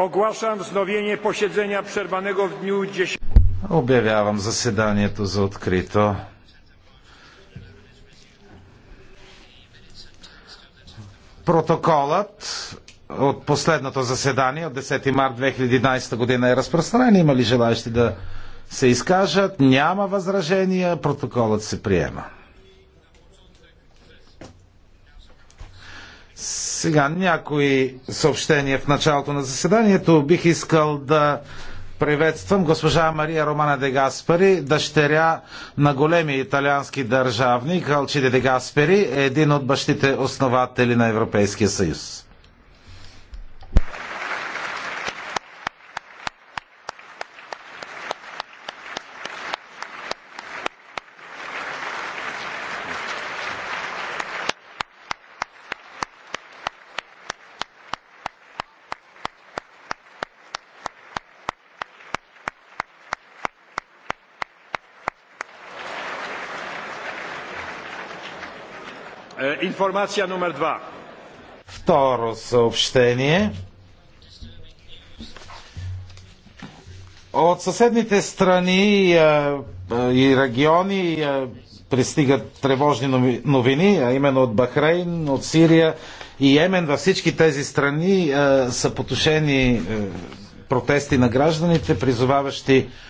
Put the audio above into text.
Оглашам wznowienie posiedzenia przerwanego w dniu 10. Обявявам заседанието за открито. Протоколът от последното заседание от 10 март 2011 година е разпространен. Има ли желаящи да се изкажат? Няма възражения. Протоколът се приема. Сега някои съобщения в началото на заседанието. Бих искал да приветствам госпожа Мария Романа де Гаспери, дъщеря на големия италиански държавник Алчиде де Гаспери, един от бащите основатели на Европейския съюз. Е, информация номер Второ съобщение. От съседните страни е, е, и региони пристигат тревожни новини, а именно от Бахрейн, от Сирия и Йемен. Във всички тези страни са потушени протести на гражданите, призоваващи